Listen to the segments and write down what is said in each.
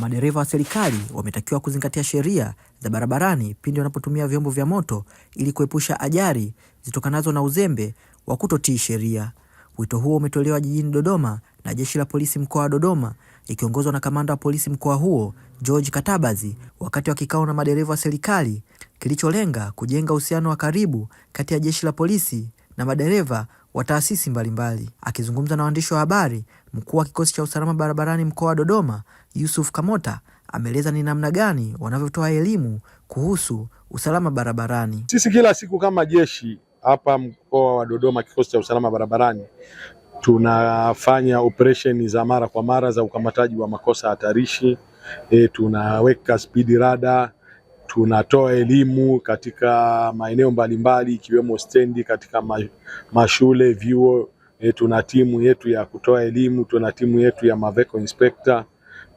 Madereva wa serikali wametakiwa kuzingatia sheria za barabarani pindi wanapotumia vyombo vya moto ili kuepusha ajali zitokanazo na uzembe wa kutotii sheria. Wito huo umetolewa jijini Dodoma na Jeshi la Polisi mkoa wa Dodoma ikiongozwa na kamanda wa polisi mkoa huo George Katabazi wakati wa kikao na madereva wa serikali kilicholenga kujenga uhusiano wa karibu kati ya Jeshi la Polisi na madereva wa taasisi mbalimbali. Akizungumza na waandishi wa habari, mkuu wa kikosi cha usalama barabarani mkoa wa Dodoma Yusuf Kamota ameeleza ni namna gani wanavyotoa elimu kuhusu usalama barabarani. Sisi kila siku kama jeshi hapa mkoa wa Dodoma, kikosi cha usalama barabarani tunafanya operesheni za mara kwa mara za ukamataji wa makosa hatarishi. E, tunaweka speed rada, tunatoa elimu katika maeneo mbalimbali ikiwemo stendi, katika mashule, vyuo. E, tuna timu yetu ya kutoa elimu, tuna timu yetu ya maveko inspector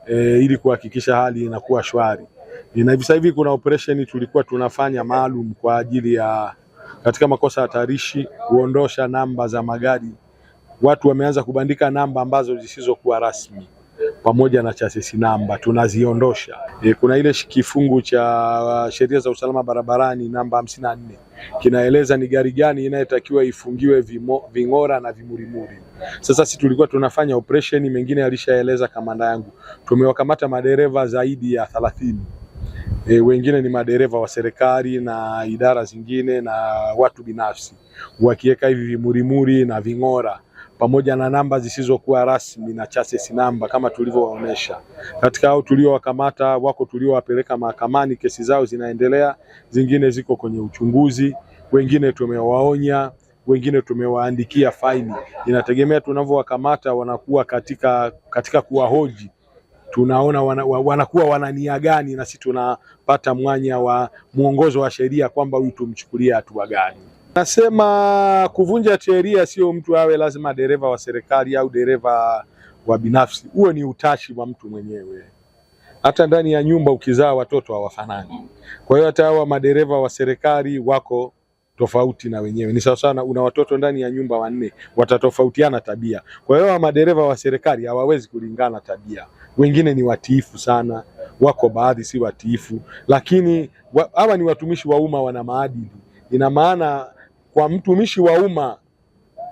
e, ili kuhakikisha hali inakuwa shwari. Na hivi sasa hivi kuna operation tulikuwa tunafanya maalum kwa ajili ya katika makosa hatarishi kuondosha namba za magari. Watu wameanza kubandika namba ambazo zisizokuwa rasmi pamoja na chasisi namba tunaziondosha. E, kuna ile kifungu cha uh, sheria za usalama barabarani namba hamsini na nne kinaeleza ni gari gani inayotakiwa ifungiwe vimo, ving'ora na vimurimuri. Sasa sisi tulikuwa tunafanya operesheni, mengine alishaeleza kamanda yangu, tumewakamata madereva zaidi ya thelathini. E, wengine ni madereva wa serikali na idara zingine na watu binafsi wakiweka hivi vimurimuri na ving'ora pamoja na namba zisizokuwa rasmi na chassis namba kama tulivyowaonesha. Katika hao tuliowakamata, wako tuliowapeleka mahakamani, kesi zao zinaendelea, zingine ziko kwenye uchunguzi, wengine tumewaonya wengine tumewaandikia faini. Inategemea tunavyowakamata wanakuwa katika, katika kuwahoji tunaona wana, wanakuwa wana nia gani, na sisi tunapata mwanya wa mwongozo wa sheria kwamba huyu tumchukulia hatua gani. Nasema kuvunja sheria sio mtu awe lazima dereva wa serikali au dereva wa binafsi, huo ni utashi wa mtu mwenyewe. Hata ndani ya nyumba ukizaa watoto hawafanani. Kwa hiyo hata hawa madereva wa serikali wako tofauti na wenyewe, ni sawa sana. Una watoto ndani ya nyumba wanne, watatofautiana tabia. Kwa hiyo madereva wa serikali hawawezi kulingana tabia. Wengine ni watiifu sana, wako baadhi si watiifu, lakini hawa ni watumishi wa umma, wana maadili. Ina maana kwa mtumishi wa umma,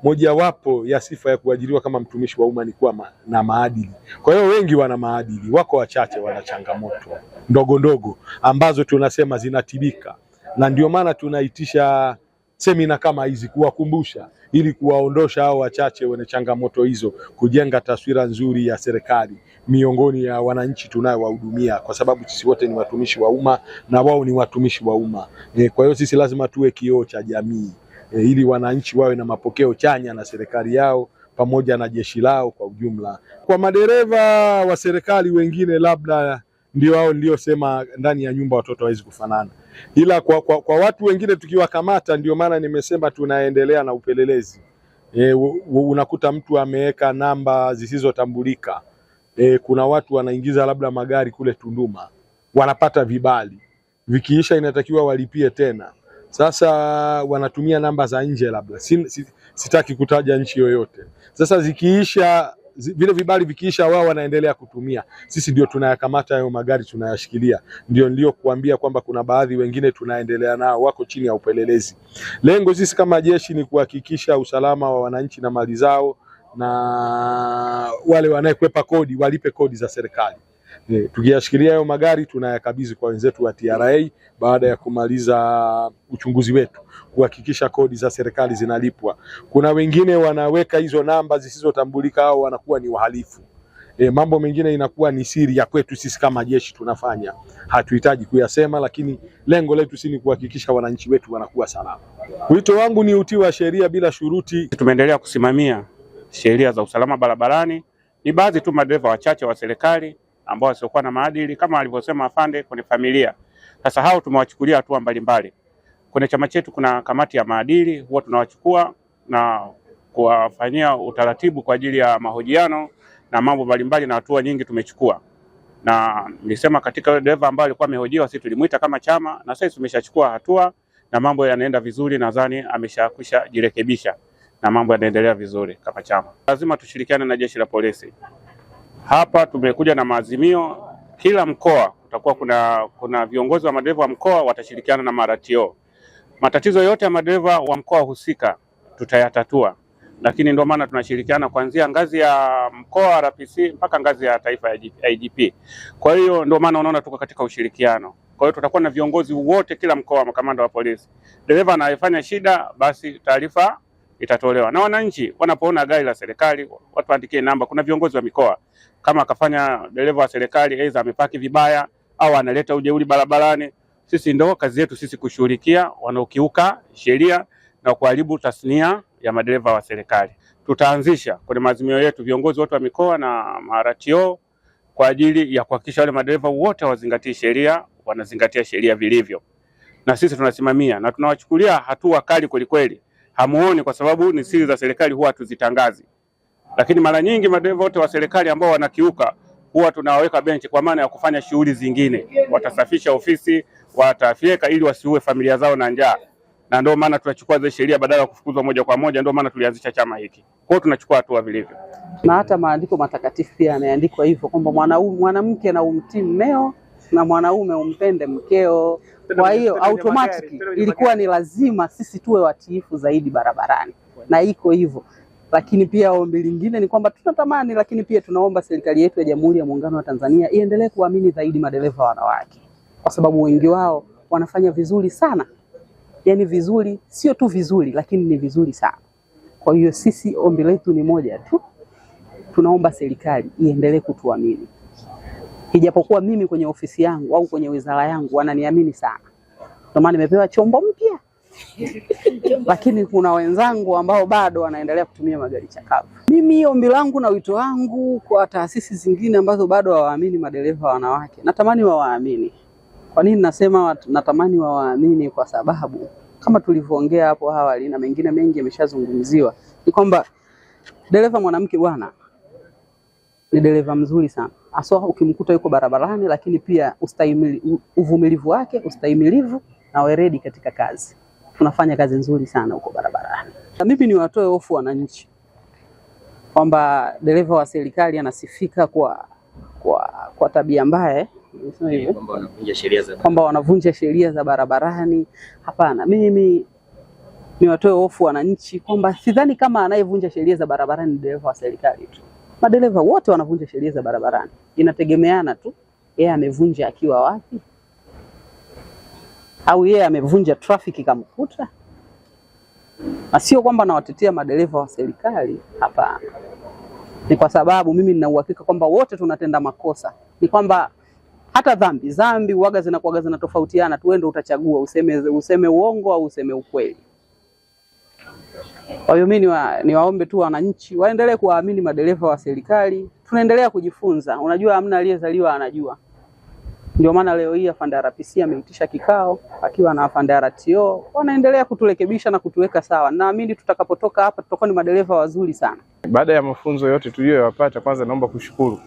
mojawapo ya sifa ya kuajiriwa kama mtumishi wa umma ni kuwa ma, na maadili. Kwa hiyo wengi wana maadili, wako wachache wana changamoto ndogo ndogo ambazo tunasema zinatibika, na ndio maana tunaitisha semina kama hizi kuwakumbusha, ili kuwaondosha hao wachache wenye changamoto hizo, kujenga taswira nzuri ya serikali miongoni ya wananchi tunayowahudumia, kwa sababu sisi wote ni watumishi wa umma na wao ni watumishi wa umma e. Kwa hiyo sisi lazima tuwe kioo cha jamii e, ili wananchi wawe na mapokeo chanya na serikali yao pamoja na jeshi lao kwa ujumla. Kwa madereva wa serikali wengine labda ndio hao niliosema ndani ya nyumba watoto hawezi kufanana, ila kwa, kwa, kwa watu wengine tukiwakamata, ndio maana nimesema tunaendelea na upelelezi e, unakuta mtu ameweka namba zisizotambulika e, kuna watu wanaingiza labda magari kule Tunduma wanapata vibali, vikiisha inatakiwa walipie tena. Sasa wanatumia namba za nje, labda sitaki kutaja nchi yoyote. Sasa zikiisha vile vibali vikiisha, wao wanaendelea kutumia, sisi ndio tunayakamata hayo magari tunayashikilia. Ndio niliyokuambia kwamba kuna baadhi wengine tunaendelea nao, wako chini ya upelelezi. Lengo sisi kama jeshi ni kuhakikisha usalama wa wananchi na mali zao, na wale wanayekwepa kodi walipe kodi za serikali. Eh, tukiyashikilia hayo magari tunayakabidhi kwa wenzetu wa TRA baada ya kumaliza uchunguzi wetu kuhakikisha kodi za serikali zinalipwa. Kuna wengine wanaweka hizo namba zisizotambulika au wanakuwa ni wahalifu. E, mambo mengine inakuwa ni siri ya kwetu sisi kama jeshi tunafanya, hatuhitaji kuyasema, lakini lengo letu si ni kuhakikisha wananchi wetu wanakuwa salama. Wito wangu ni utii wa sheria bila shuruti. Tumeendelea kusimamia sheria za usalama barabarani. Ni baadhi tu madereva wachache wa serikali ambao wasiokuwa na maadili kama alivyosema afande kwenye familia. Sasa hao tumewachukulia hatua mbalimbali. Kwenye chama chetu kuna kamati ya maadili, huwa tunawachukua na kuwafanyia utaratibu kwa ajili ya mahojiano na mambo mbalimbali, na hatua nyingi tumechukua na nilisema katika yule dereva ambaye alikuwa amehojiwa, sisi tulimuita kama chama, na sasa tumeshachukua hatua na mambo yanaenda vizuri. Nadhani ameshakwisha jirekebisha na mambo yanaendelea vizuri kama chama. Lazima tushirikiane na jeshi la polisi. Hapa tumekuja na maazimio, kila mkoa kutakuwa kuna, kuna viongozi wa madereva wa mkoa watashirikiana na maratio. Matatizo yote ya madereva wa mkoa husika tutayatatua, lakini ndio maana tunashirikiana kuanzia ngazi ya mkoa RPC mpaka ngazi ya taifa ya IGP. Kwa hiyo ndio maana unaona tuko katika ushirikiano. Kwa hiyo tutakuwa na viongozi wote kila mkoa, makamanda wa polisi. Dereva anayefanya shida, basi taarifa itatolewa. Na wananchi wanapoona gari la serikali waandikie namba. Kuna viongozi wa mikoa kama akafanya dereva wa serikali aidha amepaki vibaya au analeta ujeuri barabarani, sisi ndo kazi yetu sisi kushughulikia wanaokiuka sheria na kuharibu tasnia ya madereva wa serikali. Tutaanzisha kwenye maazimio yetu viongozi wote wa mikoa na maratio kwa ajili ya kuhakikisha wale madereva wote wazingatie sheria, wanazingatia sheria vilivyo, na sisi tunasimamia na tunawachukulia hatua kali kwelikweli hamuoni kwa sababu ni siri za serikali, huwa hatuzitangazi. Lakini mara nyingi madereva wote wa serikali ambao wanakiuka huwa tunawaweka benchi, kwa maana ya kufanya shughuli zingine, watasafisha ofisi, watafyeka, ili wasiue familia zao na njaa, na ndio maana tunachukua zile sheria badala ya kufukuzwa moja kwa moja. Ndio maana tulianzisha chama hiki, kwa hiyo tunachukua hatua vilivyo, na hata maandiko matakatifu pia yameandikwa hivyo kwamba mwanamke na umtii mmeo na mwanaume umpende mkeo. Kwa hiyo automatic ilikuwa ni lazima sisi tuwe watiifu zaidi barabarani, na iko hivyo. Lakini pia ombi lingine ni kwamba tunatamani, lakini pia tunaomba serikali yetu ya Jamhuri ya Muungano wa Tanzania iendelee kuamini zaidi madereva wanawake, kwa sababu wengi wao wanafanya vizuri sana, yaani vizuri, sio tu vizuri, lakini ni vizuri sana. Kwa hiyo sisi ombi letu ni moja tu, tunaomba serikali iendelee kutuamini. Ijapokuwa mimi kwenye ofisi yangu au kwenye wizara yangu wananiamini sana, ndio maana nimepewa chombo mpya lakini kuna wenzangu ambao bado wanaendelea kutumia magari chakavu. Mimi ombi langu na wito wangu kwa taasisi zingine ambazo bado hawaamini madereva wanawake, natamani wawaamini. Kwa nini nasema natamani wawaamini? Kwa sababu kama tulivyoongea hapo awali na mengine mengi yameshazungumziwa, ni kwamba dereva mwanamke bwana ni dereva mzuri sana aswa ukimkuta yuko barabarani, lakini pia ustahimili, uvumilivu wake, ustahimilivu na weredi katika kazi. Tunafanya kazi nzuri sana huko barabarani, na mimi niwatoe hofu wananchi kwamba dereva wa serikali anasifika kwa, kwa, kwa tabia mbaya kwamba wanavunja sheria za barabarani. Hapana, mimi niwatoe hofu wananchi kwamba sidhani kama anayevunja sheria za barabarani ni dereva wa serikali tu. Madereva wote wanavunja sheria za barabarani, inategemeana tu yeye amevunja akiwa wapi, au yeye amevunja trafiki kamkuta, na sio kwamba nawatetea madereva wa serikali, hapana. Ni kwa sababu mimi nina uhakika kwamba wote tunatenda makosa, ni kwamba hata dhambi dhambi uwaga zinakuwaga zinatofautiana tu, wewe ndio utachagua useme, useme uongo au useme ukweli. Kwa hiyo mimi niwaombe tu wananchi waendelee kuwaamini madereva wa serikali, tunaendelea kujifunza. Unajua amna aliyezaliwa anajua. Ndio maana leo hii afande RPC ameitisha kikao akiwa na afande RTO, wanaendelea kuturekebisha na kutuweka sawa. Naamini tutakapotoka hapa tutakuwa ni madereva wazuri sana. Baada ya mafunzo yote tuliyoyapata, kwanza naomba kushukuru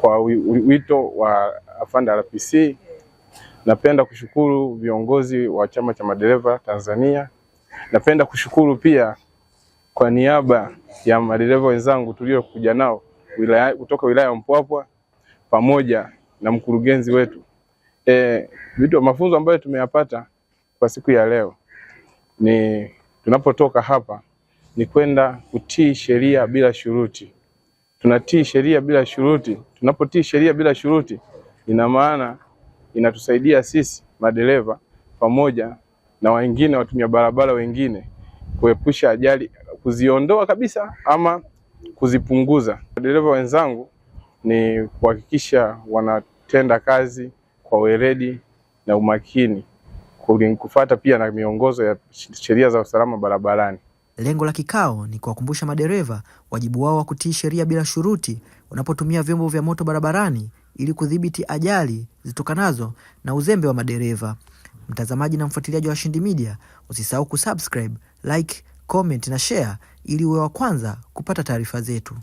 kwa wito wa afande RPC. Napenda kushukuru viongozi wa chama cha madereva Tanzania Napenda kushukuru pia kwa niaba ya madereva wenzangu tuliokuja nao wilaya, kutoka wilaya ya Mpwapwa pamoja na mkurugenzi wetu e, vitu mafunzo ambayo tumeyapata kwa siku ya leo ni tunapotoka hapa ni kwenda kutii sheria bila shuruti. Tunatii sheria bila shuruti. Tunapotii sheria bila shuruti, ina maana inatusaidia sisi madereva pamoja na wengine watumia barabara wengine kuepusha ajali, kuziondoa kabisa ama kuzipunguza. Dereva wenzangu ni kuhakikisha wanatenda kazi kwa weledi na umakini, kufata pia na miongozo ya sheria za usalama barabarani. Lengo la kikao ni kuwakumbusha madereva wajibu wao wa kutii sheria bila shuruti wanapotumia vyombo vya moto barabarani ili kudhibiti ajali zitokanazo na uzembe wa madereva mtazamaji na mfuatiliaji wa Washindi Media, usisahau kusubscribe, like, comment na share ili uwe wa kwanza kupata taarifa zetu.